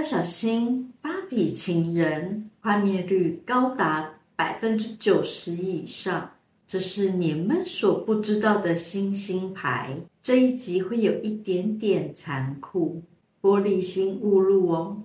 要小心，芭比情人幻滅率高達百分之九十以上，這是你們所不知道的星星牌。這一集會有一點點殘酷，玻璃心勿入哦。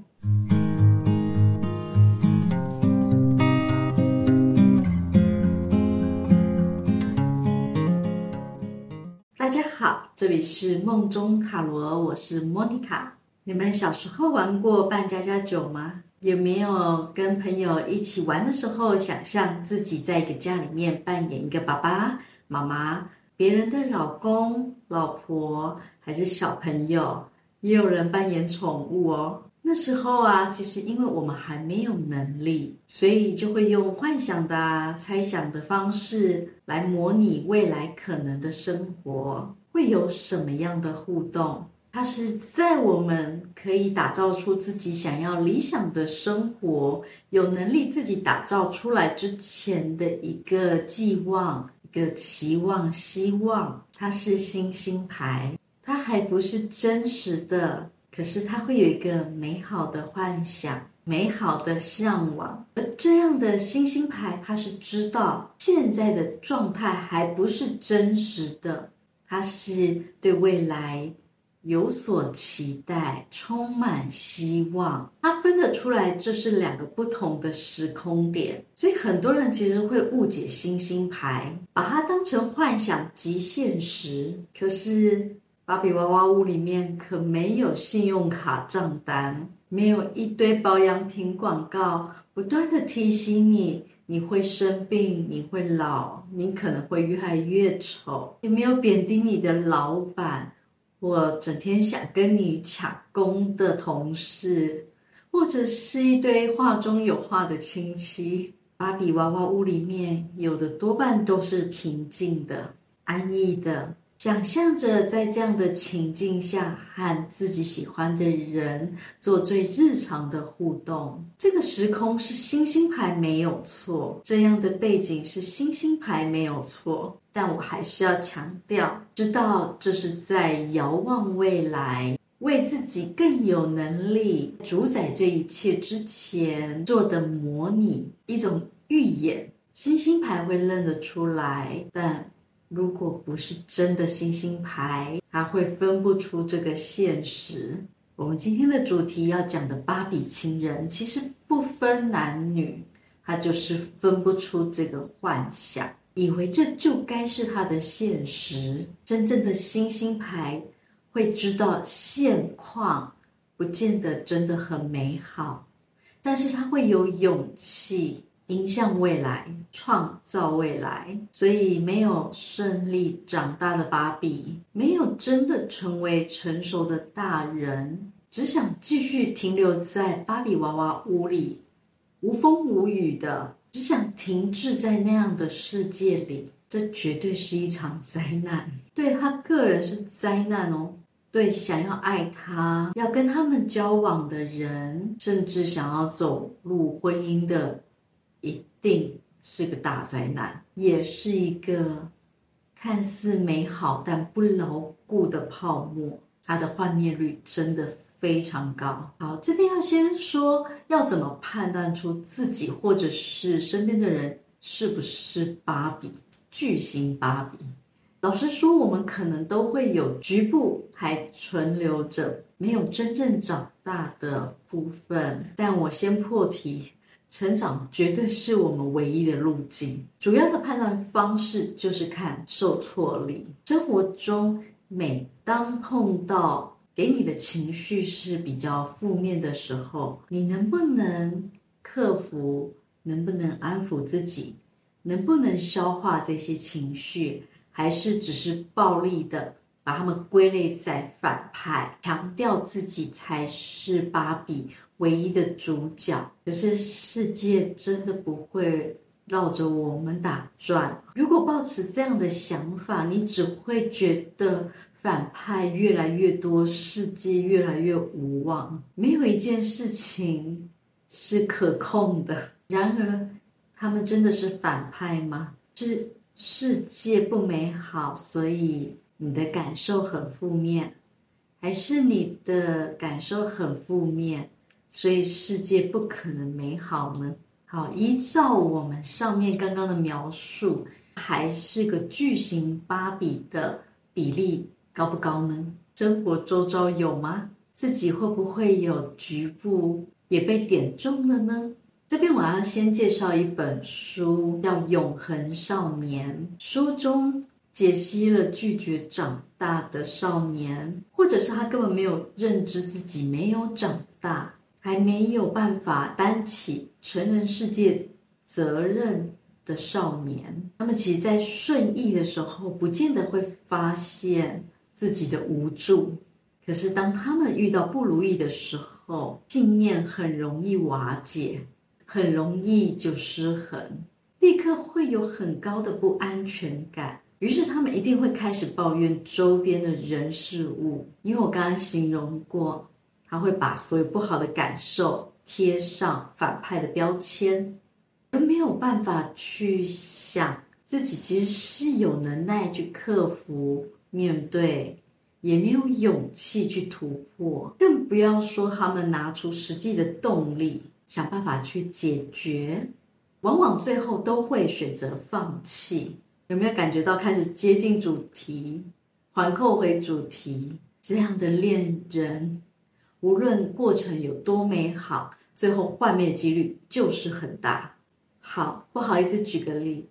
大家好，這裡是夢中塔羅，我是莫妮卡。你們小時候玩過扮家家酒嗎？有沒有跟朋友一起玩的時候，想象自己在一個家裡面扮演一個爸爸、媽媽、別人的老公、老婆，還是小朋友？也有人扮演寵物哦。那時候啊，其實因為我們還沒有能力，所以就會用幻想的、啊、猜想的方式來模擬未來可能的生活，會有什麼樣的互動。它是在我們可以打造出自己想要理想的生活，有能力自己打造出來之前的一個寄望、一個期望、希望。它是星星牌，它還不是真實的，可是它會有一個美好的幻想、美好的向往。而這樣的星星牌，它是知道現在的狀態還不是真實的，它是對未來有所期待，充滿希望。它分得出來，這是兩個不同的時空點。所以很多人其實會誤解星星牌，把它當成幻想即現實。可是芭比娃娃屋裡面可沒有信用卡賬單，沒有一堆保養品廣告不斷的提醒你，你會生病，你會老，你可能會越來越醜。也沒有貶低你的老闆，我整天想跟你搶功的同事，或者是一堆話中有話的親戚，芭比娃娃屋裡面有的多半都是平靜的、安逸的，想象着在這樣的情境下和自己喜歡的人做最日常的互動。這個時空是星星牌沒有錯，這樣的背景是星星牌沒有錯。但我還是要強調，知道這是在遙望未來，為自己更有能力主宰這一切之前做的模擬，一種預演。星星牌會認得出來，但如果不是真的星星牌，它會分不出這個現實。我們今天的主題要講的芭比情人，其實不分男女，它就是分不出這個幻想。以為這就該是他的現實。真正的星星牌會知道現況不見得真的很美好，但是他會有勇氣迎向未來，創造未來。所以沒有順利長大的芭比，沒有真的成為成熟的大人，只想繼續停留在芭比娃娃屋裡，無風無雨的。只想停滯在那樣的世界裡，這絕對是一場災難。對他個人是災難哦，對想要愛他、要跟他們交往的人，甚至想要走入婚姻的，一定是個大災難，也是一個看似美好但不牢固的泡沫。它的幻滅率真的。非常高，好，這邊要先說，要怎麼判斷出自己或者是身邊的人是不是芭比，巨型芭比？老實說，我們可能都會有局部還存留着沒有真正長大的部分。但我先破題，成長絕對是我們唯一的路徑。主要的判斷方式就是看受挫力。生活中，每當碰到，給你的情緒是比較負面的時候，你能不能克服？能不能安撫自己？能不能消化這些情緒？還是只是暴力的把它們歸類在反派，強調自己才是芭比唯一的主角？可是世界真的不會繞着我們打轉。如果抱持這樣的想法，你只會覺得。反派越來越多，世界越來越無望。沒有一件事情是可控的。然而，他們真的是反派嗎？是世界不美好，所以你的感受很負面，還是你的感受很負面，所以世界不可能美好呢？好，依照我們上面剛剛的描述，還是個巨型芭比的比例高不高呢？生活周遭有嗎？自己會不會有局部也被點中了呢？這邊我要先介紹一本書，叫《永恆少年》，書中解析了拒絕長大的少年，或者是他根本沒有認知自己沒有長大，還沒有辦法擔起成人世界責任的少年。他們其實，在順意的時候，不見得會發現自己的無助，可是當他們遇到不如意的時候，信念很容易瓦解，很容易就失衡，立刻會有很高的不安全感。於是他們一定會開始抱怨周邊的人事物，因為我剛剛形容過，他會把所有不好的感受貼上反派的標籤，而沒有辦法去想自己其實是有能耐去克服。面對也沒有勇氣去突破，更不要說他們拿出實際的動力想辦法去解決，往往最後都會選擇放棄。有沒有感覺到開始接近主題，環扣回主題？這樣的戀人，無論過程有多美好，最後幻滅幾率就是很大。好，不好意思，舉個例，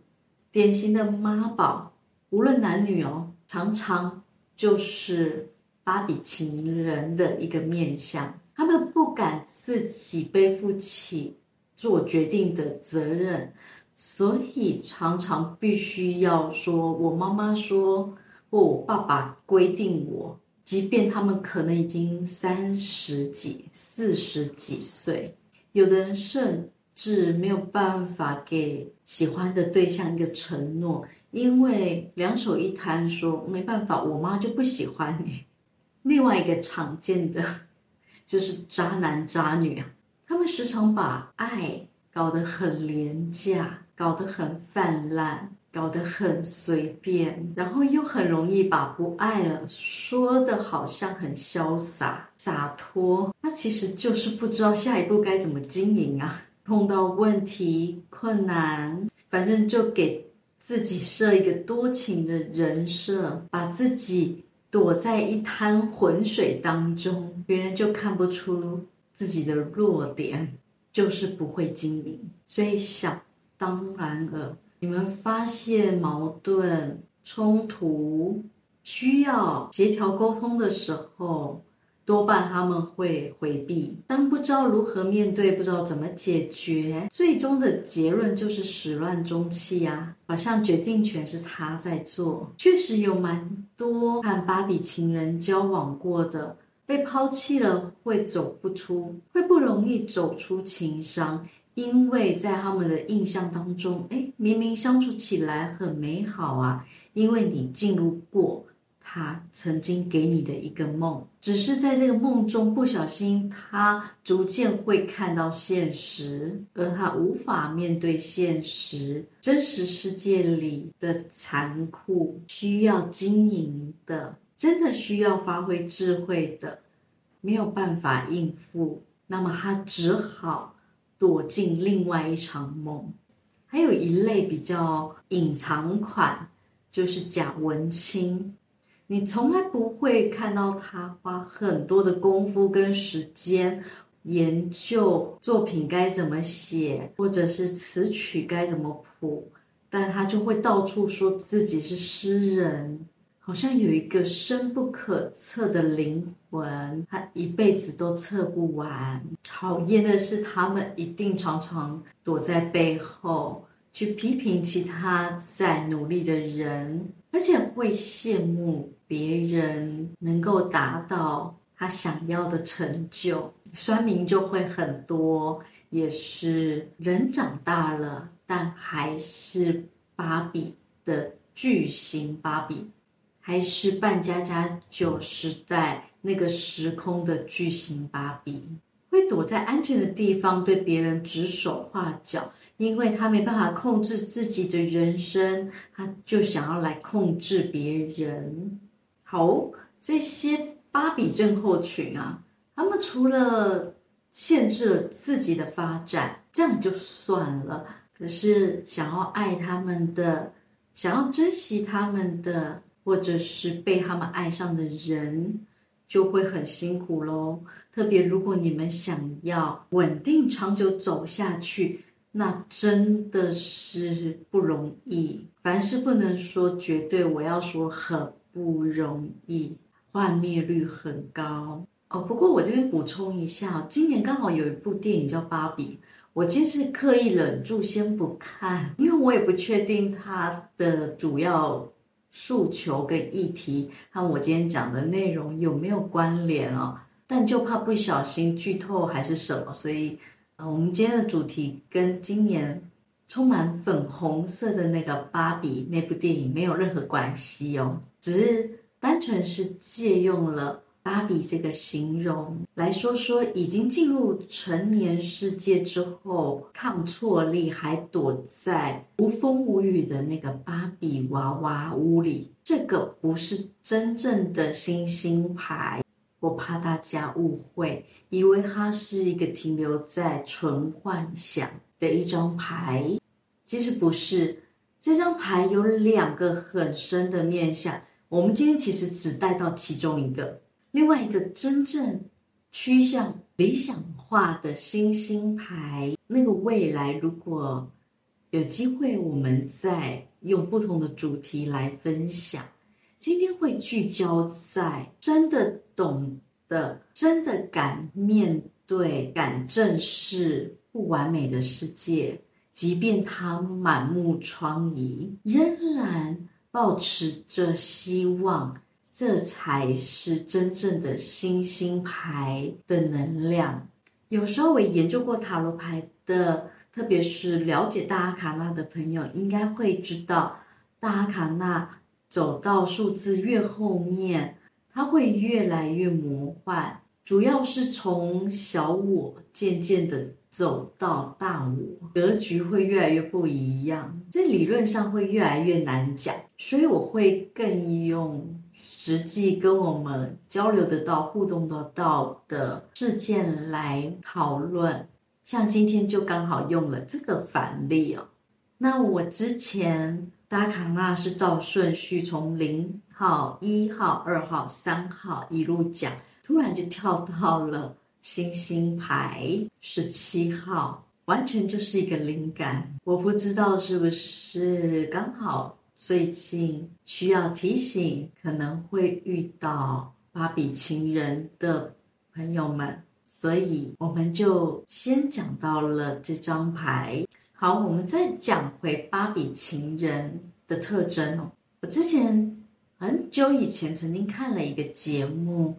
典型的媽寶，無論男女哦。常常就是芭比情人的一個面向，他們不敢自己背負起做決定的責任，所以常常必須要說：“我媽媽說”或“我爸爸規定我”，即便他們可能已經三十幾、四十幾歲，有的人甚至沒有辦法給喜歡的對象一個承諾。因為兩手一攤說沒辦法，我媽就不喜歡你。另外一個常見的就是渣男渣女啊，他們時常把愛搞得很廉價，搞得很泛濫，搞得很隨便，然後又很容易把不愛了說得好像很瀟灑灑脫，那其實就是不知道下一步該怎麼經營啊。碰到問題困難，反正就給。自己設一個多情的人設，把自己躲在一灘渾水當中，別人就看不出自己的弱點，就是不會經營。所以，想當然了，你們發現矛盾衝突需要協調溝通的時候。多半他們會迴避，但不知道如何面對，不知道怎麼解決，最終的結論就是始亂終棄啊！好像決定權是他在做，確實有蠻多和芭比情人交往過的，被拋棄了會走不出，會不容易走出情傷，因為在他們的印象當中誒，明明相處起來很美好啊，因為你進入過。他曾經給你的一個夢，只是在這個夢中不小心，他逐漸會看到現實，而他無法面對現實，真實世界裡的殘酷，需要經營的，真的需要發揮智慧的，沒有辦法應付，那麼他只好躲進另外一場夢。還有一類比較隱藏款，就是假文青。你從來不會看到他花很多的功夫跟時間研究作品該怎麼寫，或者是詞曲該怎麼譜，但他就會到處說自己是詩人，好像有一個深不可測的靈魂，他一輩子都測不完。討厭的是，他們一定常常躲在背後。去批評其他在努力的人，而且會羨慕別人能夠達到他想要的成就，酸民就會很多。也是人長大了，但還是芭比的巨型芭比，還是扮家家酒時代那個時空的巨型芭比。會躲在安全的地方，對別人指手畫腳，因為他沒辦法控制自己的人生，他就想要來控制別人。好，這些芭比症候群啊，他們除了限制了自己的發展，這樣就算了。可是想要愛他們的，想要珍惜他們的，或者是被他們愛上的人，就會很辛苦咯，特別如果你們想要穩定長久走下去，那真的是不容易。凡事不能說絕對，我要說很不容易，幻滅率很高哦。不過我這邊補充一下，今年剛好有一部電影叫《芭比》，我今天是刻意忍住先不看，因為我也不確定它的主要。訴求跟議題，和我今天講的內容有沒有關聯哦，但就怕不小心劇透還是什麼，所以，呃，我們今天的主題跟今年充滿粉紅色的那個芭比那部電影沒有任何關係哦，只是單純是借用了。芭比這個形容來說說，已經進入成年世界之後，抗挫力還躲在無風無雨的那個芭比娃娃屋裡。這個不是真正的星星牌，我怕大家誤會，以為它是一個停留在純幻想的一張牌。其實不是，這張牌有兩個很深的面向，我們今天其實只帶到其中一個。另外一個真正趨向理想化的星星牌，那個未來，如果有機會，我們再用不同的主題來分享。今天會聚焦在真的懂得，真的敢面對、敢正視不完美的世界，即便它滿目瘡痍，仍然保持着希望。這才是真正的星星牌的能量。有稍微研究過塔羅牌的，特別是了解大阿卡納的朋友，應該會知道大阿卡納走到數字越後面，它會越來越魔幻。主要是從小我漸漸地走到大我，格局會越來越不一樣。這理論上會越來越難講，所以我會更用。實際跟我們交流得到，互動得到的事件來討論，像今天就剛好用了這個反例哦。那我之前達卡納是照順序從零號、一號、二號、三號一路講，突然就跳到了星星牌十七號，完全就是一個靈感。我不知道是不是剛好，最近需要提醒可能會遇到芭比情人的朋友們，所以我們就先講到了這張牌。好，我們再講回芭比情人的特徵哦。我之前很久以前曾經看了一個節目，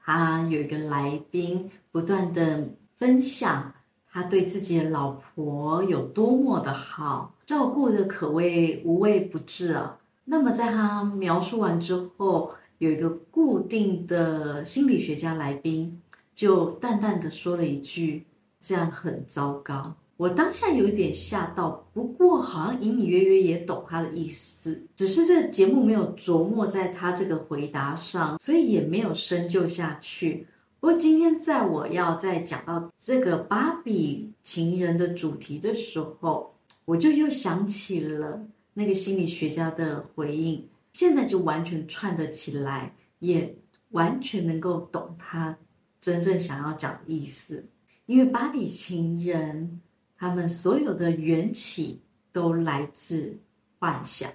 他有一個來賓不斷的分享他對自己的老婆有多麼的好。照顧的可謂無微不至啊。那麼在他描述完之後，有一個固定的心理學家來賓就淡淡的說了一句：“這樣很糟糕。”我當下有點嚇到，不過好像隱隱約約也懂他的意思，只是這節目沒有琢磨在他這個回答上，所以也沒有深究下去。不過今天在我要再講到這個芭比情人的主題的時候，我就又想起了那個心理學家的回應，現在就完全串得起來，也完全能夠懂他真正想要講的意思。因為芭比情人他們所有的緣起都來自幻想，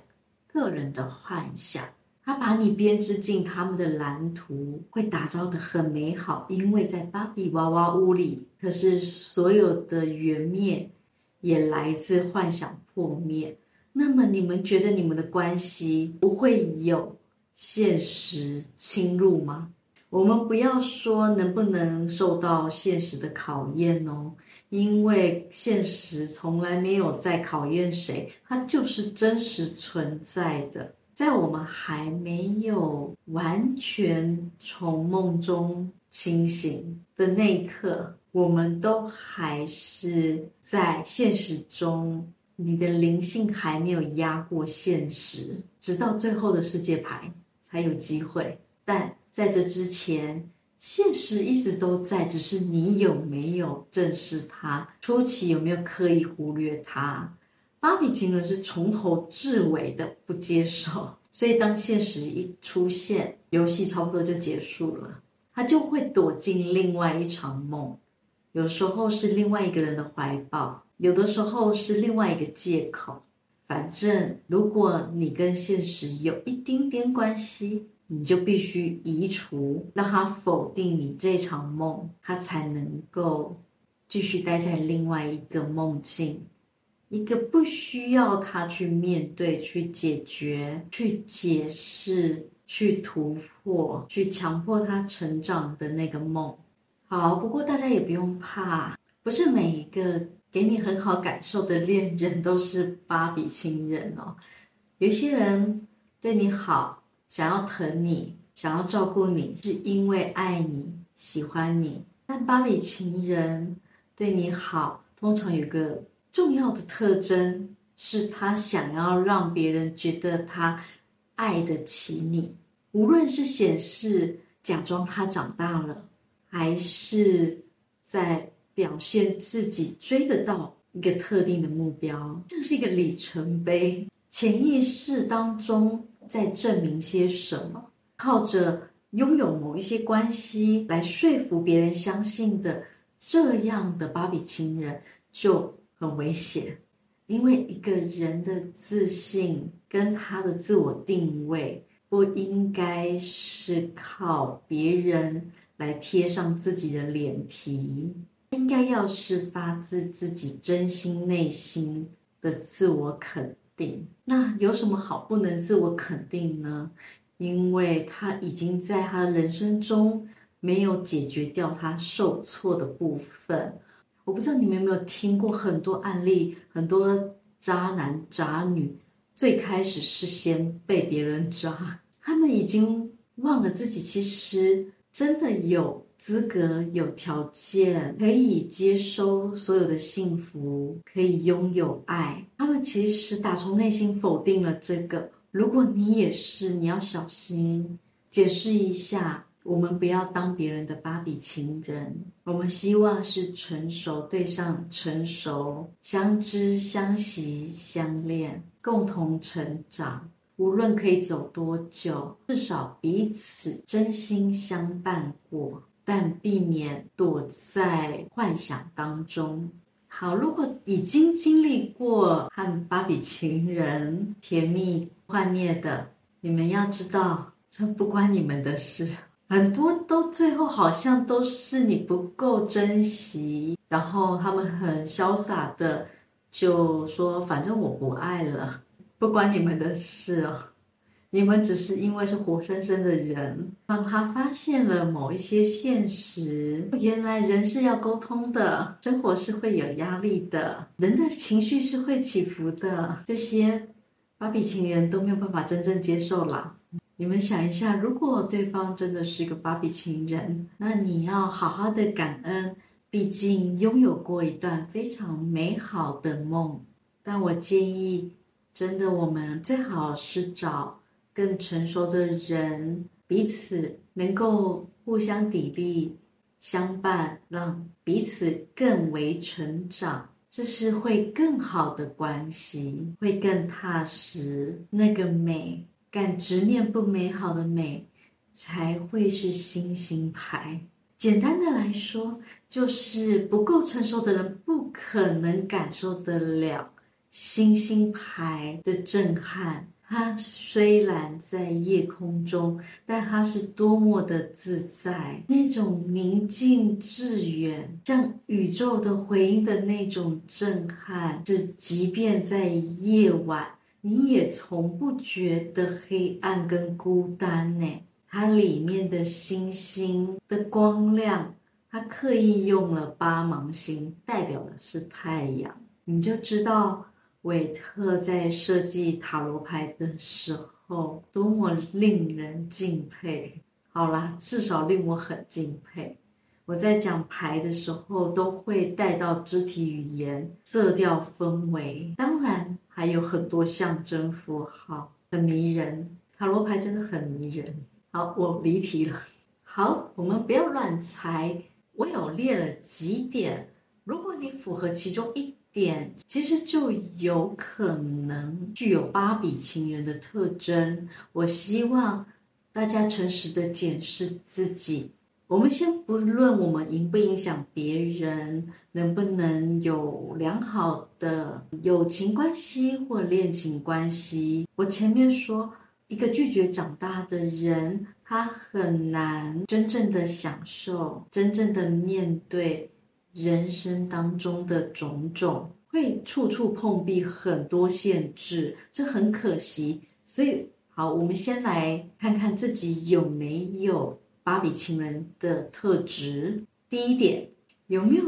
個人的幻想，他把你編織進他們的藍圖，會打造得很美好。因為在芭比娃娃屋裡，可是所有的緣滅。也來自幻想破滅。那麼，你們覺得你們的關係不會有現實侵入嗎？我們不要說能不能受到現實的考驗哦，因為現實從來沒有在考驗誰，它就是真實存在的。在我們還沒有完全從夢中清醒的那一刻。我們都還是在現實中，你的靈性還沒有壓過現實，直到最後的世界牌才有機會。但在這之前，現實一直都在，只是你有沒有正視它？初期有沒有刻意忽略它？芭比情人是從頭至尾的不接受，所以當現實一出現，遊戲差不多就結束了，他就會躲進另外一場夢。有時候是另外一個人的懷抱，有的時候是另外一個借口。反正，如果你跟現實有一丁點關係，你就必須移除，讓他否定你這場夢，他才能夠繼續待在另外一個夢境，一個不需要他去面對、去解決、去解釋、去突破、去強迫他成長的那個夢。好，不過大家也不用怕，不是每一個給你很好感受的戀人都是芭比情人哦。有些人對你好，想要疼你，想要照顧你，是因為愛你、喜歡你。但芭比情人對你好，通常有個重要的特徵，是他想要讓別人覺得他愛得起你，無論是顯示、假裝他長大了，還是在表現自己追得到一個特定的目標，這是一個里程碑。潛意識當中在證明些什麼？靠着擁有某一些關係來說服別人相信的這樣的芭比情人就很危險，因為一個人的自信跟他的自我定位不應該是靠別人。來貼上自己的臉皮，應該要是發自自己真心內心的自我肯定。那有什麼好不能自我肯定呢？因為他已經在他人生中沒有解決掉他受挫的部分。我不知道你們有沒有聽過很多案例，很多渣男渣女，最開始是先被別人渣，他們已經忘了自己其實。真的有資格、有條件可以接收所有的幸福，可以擁有愛。他們其實打從內心否定了這個。如果你也是，你要小心解釋一下，我們不要當別人的芭比情人。我們希望是成熟對上成熟，相知、相惜、相戀，共同成長。無論可以走多久，至少彼此真心相伴過，但避免躲在幻想當中。好，如果已經經歷過和芭比情人甜蜜幻滅的，你們要知道，這不關你們的事。很多都最後好像都是你不夠珍惜，然後他們很瀟灑的就說：“反正我不愛了。”不關你們的事哦，你們只是因為是活生生的人，讓他發現了某一些現實。原來人是要溝通的，生活是會有壓力的，人的情緒是會起伏的。這些芭比情人都沒有辦法真正接受啦。你們想一下，如果對方真的是一個芭比情人，那你要好好的感恩，畢竟擁有過一段非常美好的夢。但我建議。真的，我們最好是找更成熟的人，彼此能夠互相砥礪、相伴，讓彼此更為成長。這是會更好的關係，會更踏實。那個美，敢直面不美好的美，才會是星星牌。簡單的來說，就是不夠成熟的人，不可能感受得了。星星牌的震撼，它雖然在夜空中，但它是多麼的自在，那種寧靜致遠，像宇宙的回音的那種震撼，是即便在夜晚，你也從不覺得黑暗跟孤單呢。它裡面的星星的光亮，它刻意用了八芒星，代表的是太陽，你就知道。韋特在設計塔羅牌的時候，多麼令人敬佩！好啦，至少令我很敬佩。我在講牌的時候，都會帶到肢體語言、色調、氛圍，當然還有很多象徵符號，很迷人。塔羅牌真的很迷人。好，我離題了。好，我們不要亂猜。我有列了幾點，如果你符合其中一。點其實就有可能具有芭比情人的特徵。我希望大家誠實的檢視自己。我們先不論我們影不影響別人，能不能有良好的友情關係或戀情關係。我前面說，一個拒絕長大的人，他很難真正的享受，真正的面對。人生當中的種種會處處碰壁，很多限制，這很可惜。所以，好，我們先來看看自己有沒有芭比情人的特質。第一點，有沒有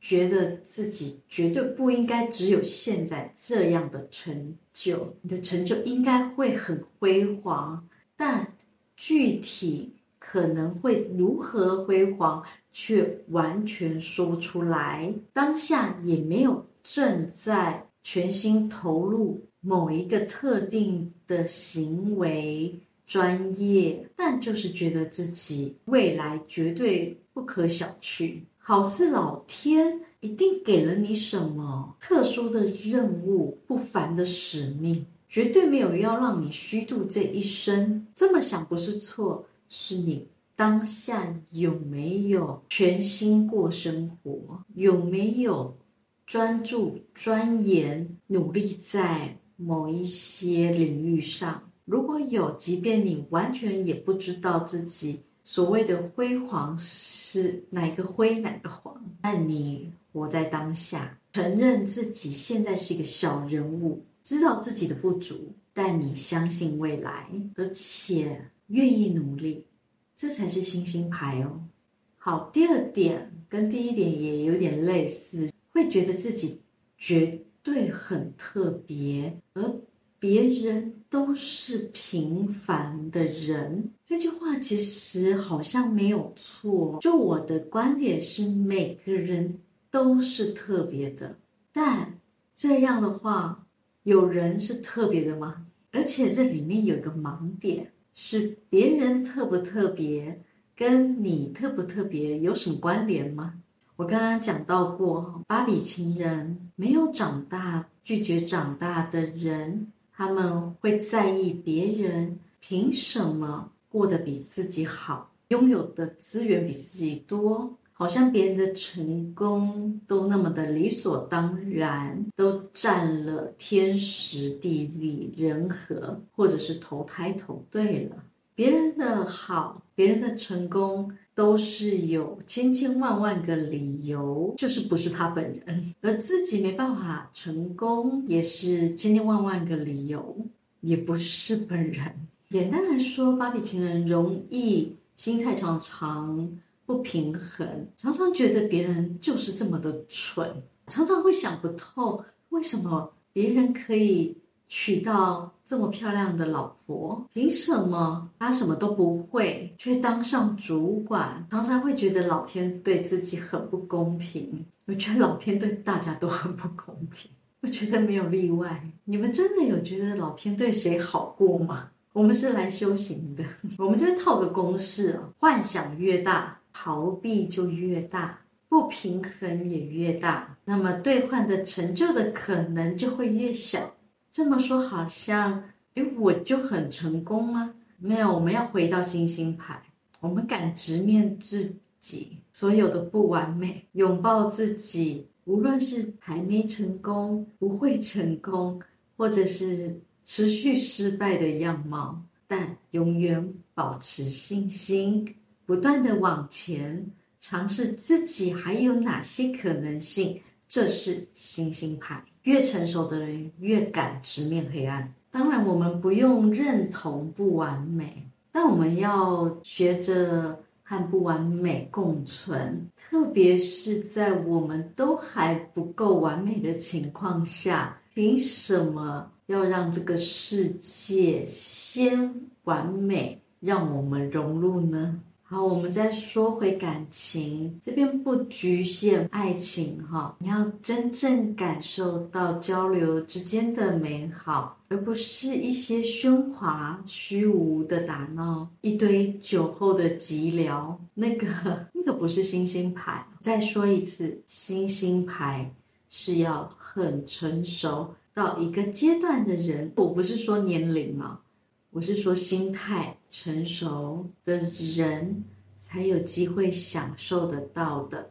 覺得自己絕對不應該只有現在這樣的成就？你的成就應該會很輝煌，但具體可能會如何輝煌？卻完全說出來，當下也沒有正在全心投入某一個特定的行為專業，但就是覺得自己未來絕對不可小覷，好似老天一定給了你什麼特殊的任務、不凡的使命，絕對沒有要讓你虛度這一生。這麼想不是錯，是你。當下有沒有全心過生活？有沒有專注、鑽研、努力在某一些領域上？如果有，即便你完全也不知道自己所謂的輝煌是哪個輝哪個煌，但你活在當下，承認自己現在是一個小人物，知道自己的不足，但你相信未來，而且願意努力。這才是星星牌哦。好，第二點跟第一點也有點類似，會覺得自己絕對很特別，而別人都是平凡的人。這句話其實好像沒有錯。就我的觀點是，每個人都是特別的。但這樣的話，有人是特別的嗎？而且這裡面有一個盲點。是別人特不特別，跟你特不特別有什麼關聯嗎？我剛剛講到過，芭比情人沒有長大，拒絕長大的人，他們會在意別人憑什麼過得比自己好，擁有的資源比自己多。好像別人的成功都那麼的理所當然，都佔了天時地利人和，或者是投胎投對了。別人的好，別人的成功都是有千千萬萬個理由，就是不是他本人。而自己沒辦法成功，也是千千萬萬個理由，也不是本人。簡單來說，芭比情人容易心態常常。不平衡，常常覺得別人就是這麼的蠢，常常會想不透為什麼別人可以娶到這麼漂亮的老婆，憑什麼他什麼都不會卻當上主管？常常會覺得老天對自己很不公平。我覺得老天對大家都很不公平，我覺得沒有例外。你們真的有覺得老天對誰好過嗎？我們是來修行的，我們就套個公式，幻想越大。逃避就越大，不平衡也越大，那麼兌換的成就的可能就會越小。這麼說好像，哎，我就很成功嗎？沒有，我們要回到星星牌，我們敢直面自己所有的不完美，擁抱自己，無論是還沒成功、不會成功，或者是持續失敗的樣貌，但永遠保持信心。不斷地往前嘗試自己還有哪些可能性，這是星星牌。越成熟的人越敢直面黑暗。當然，我們不用認同不完美，但我們要學着和不完美共存。特別是在我們都還不夠完美的情況下，憑什麼要讓這個世界先完美，讓我們融入呢？好，我們再說回感情，這邊不局限愛情哈，你要真正感受到交流之間的美好，而不是一些喧嘩、虛無的打鬧，一堆酒後的急聊，那個那個不是星星牌。再說一次，星星牌是要很成熟到一個階段的人，我不是說年齡啊，我是說心態。成熟的人才有機會享受得到的，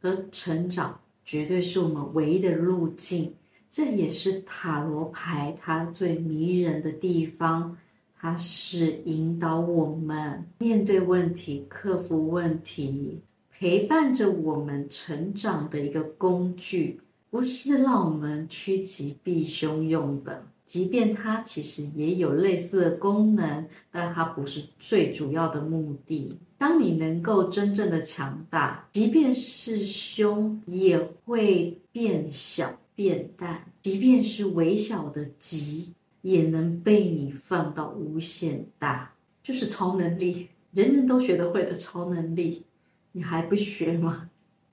而成長絕對是我們唯一的路徑。這也是塔羅牌它最迷人的地方，它是引導我們面對問題、克服問題、陪伴着我們成長的一個工具，不是讓我們趨吉避凶用的。即便它其實也有類似的功能，但它不是最主要的目的。當你能夠真正的強大，即便是凶也會變小變淡，即便是微小的吉也能被你放到無限大，就是超能力，人人都學得會的超能力，你還不學嗎？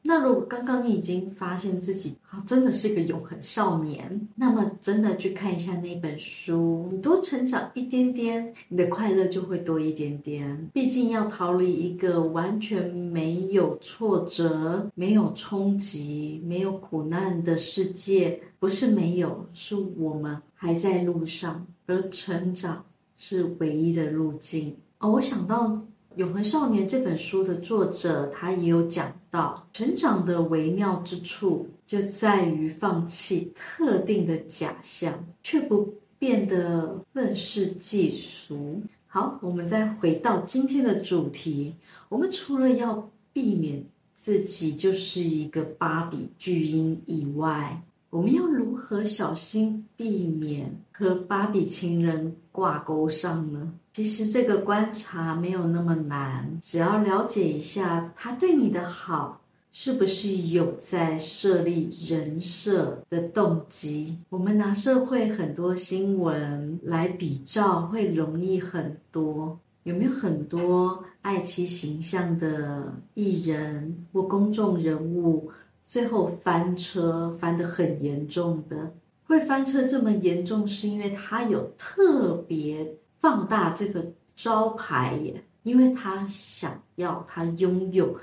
那如果剛剛你已經發現自己啊真的是個永恆少年，那麼真的去看一下那本書，你多成長一點點，你的快樂就會多一點點。畢竟要逃離一個完全沒有挫折、沒有衝擊、沒有苦難的世界，不是沒有，是我們還在路上，而成長是唯一的路徑。哦，我想到《永恆少年》這本書的作者，他也有講。到成長的微妙之處就在於放棄特定的假象，卻不變得憤世嫉俗。好，我們再回到今天的主題。我們除了要避免自己就是一個芭比巨嬰以外，我們要如何小心避免和芭比情人掛鈎上呢？其實這個觀察沒有那麼難，只要了解一下他對你的好是不是有在設立人設的動機。我們拿社會很多新聞來比照，會容易很多。有沒有很多愛妻形象的藝人或公眾人物？最後翻車，翻得很嚴重的。會翻車這麼嚴重，是因為他有特別放大這個招牌耶，因為他想要，他擁有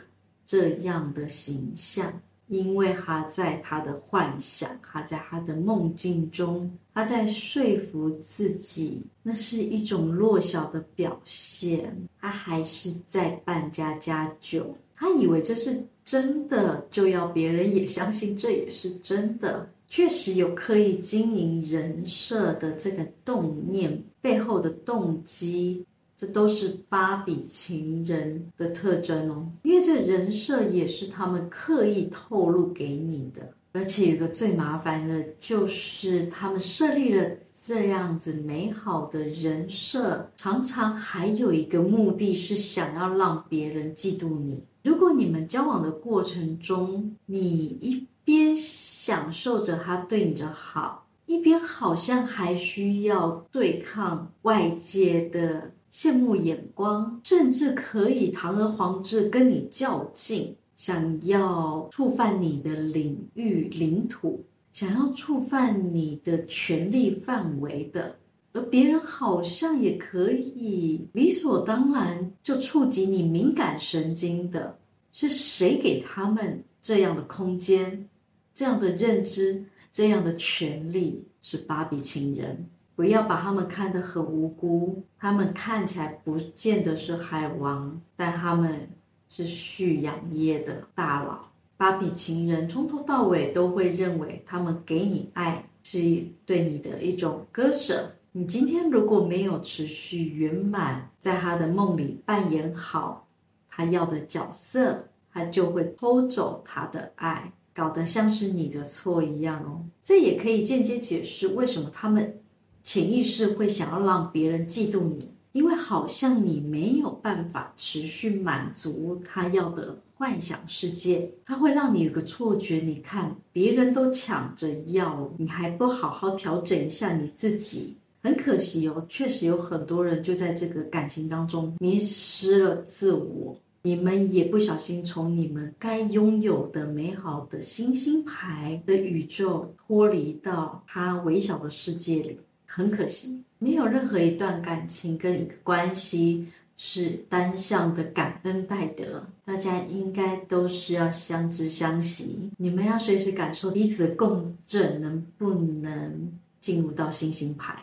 這樣的形象，因為他在他的幻想，他在他的夢境中，他在說服自己，那是一種弱小的表現。他還是在扮家家酒，他以為這是。真的就要別人也相信這也是真的，確實有刻意經營人設的這個動念背後的動機，這都是芭比情人的特徵哦。因為這人設也是他們刻意透露給你的，而且有一個最麻煩的就是他們設立了這樣子美好的人設，常常還有一個目的是想要讓別人嫉妒你。如果你們交往的過程中，你一邊享受着他對你的好，一邊好像還需要對抗外界的羨慕眼光，甚至可以堂而皇之跟你較勁，想要觸犯你的領域、領土，想要觸犯你的權力範圍的。而別人好像也可以理所當然就觸及你敏感神經的，是誰給他們這樣的空間、這樣的認知、這樣的權利？是芭比情人。不要把他們看得很無辜，他們看起來不見得是海王，但他們是蓄養業的大佬。芭比情人從頭到尾都會認為，他們給你愛是一對你的一種割捨。你今天如果沒有持續圓滿，在他的夢裡扮演好他要的角色，他就會偷走他的愛，搞得像是你的錯一樣哦。這也可以間接解釋為什麼他們潛意識會想要讓別人嫉妒你，因為好像你沒有辦法持續滿足他要的幻想世界，他會讓你有個錯覺。你看，別人都搶着要，你還不好好調整一下你自己？很可惜哦，確實有很多人就在這個感情當中迷失了自我。你們也不小心從你們該擁有的美好的星星牌的宇宙脫離到他微小的世界裡。很可惜，沒有任何一段感情跟一個關係是單向的感恩戴德。大家應該都是要相知相惜。你們要隨時感受彼此的共振，能不能進入到星星牌？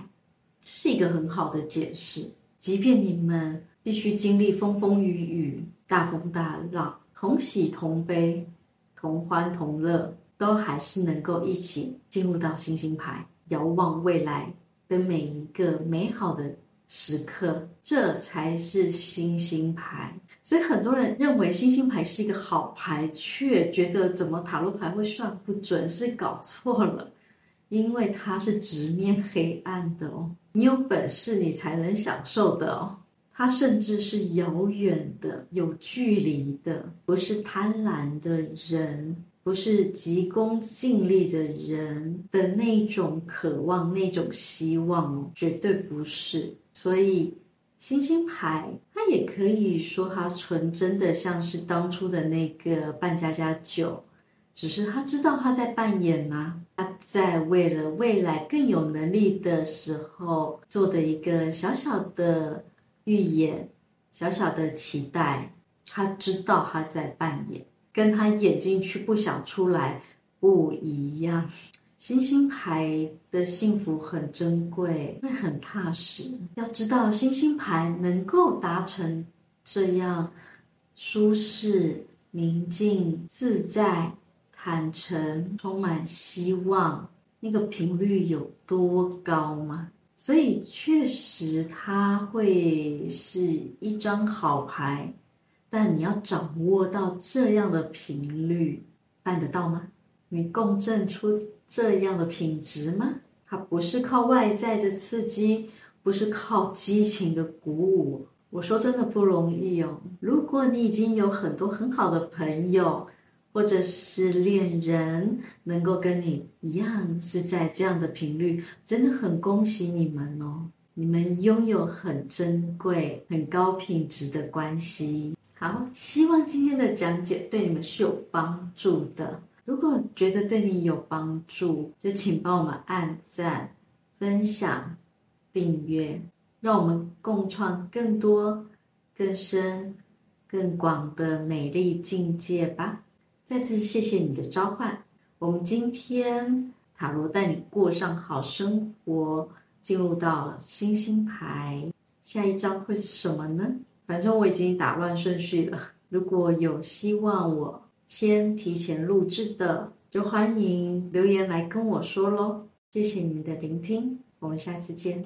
是一個很好的解釋，即便你們必須經歷風風雨雨、大風大浪，同喜同悲、同歡同樂，都還是能夠一起進入到星星牌，遙望未來的每一個美好的時刻。這才是星星牌。所以很多人認為星星牌是一個好牌，卻覺得怎麼塔羅牌會算不準，是搞錯了。因為它是直面黑暗的哦，你有本事你才能享受的哦。它甚至是遙遠的、有距離的，不是貪婪的人，不是急功近利的人的那種渴望、那種希望哦，絕對不是。所以星星牌，它也可以說它純真的，像是當初的那個扮家家酒。只是他知道他在扮演嘛，啊，他在為了未來更有能力的時候做的一個小小的預演，小小的期待。他知道他在扮演，跟他演進去不想出來不一樣。星星牌的幸福很珍貴，會很踏實。要知道，星星牌能夠達成這樣舒適、寧靜、自在。坦誠，充滿希望，那個頻率有多高嗎？所以確實，它會是一張好牌，但你要掌握到這樣的頻率，辦得到嗎？你共振出這樣的品質嗎？它不是靠外在的刺激，不是靠激情的鼓舞。我說真的不容易哦。如果你已經有很多很好的朋友，或者是戀人能夠跟你一樣是在這樣的頻率，真的很恭喜你們哦！你們擁有很珍貴、很高品質的關係。好，希望今天的講解對你們是有幫助的。如果覺得對你有幫助，就請幫我們按讚、分享、訂閱，讓我們共創更多、更深、更廣的美麗境界吧。再次謝謝你的召喚，我們今天塔羅帶你過上好生活，進入到星星牌，下一張會是什麼呢？反正我已經打亂順序了。如果有希望我先提前錄制的，就歡迎留言來跟我說嘍。謝謝你的聆聽，我們下次見。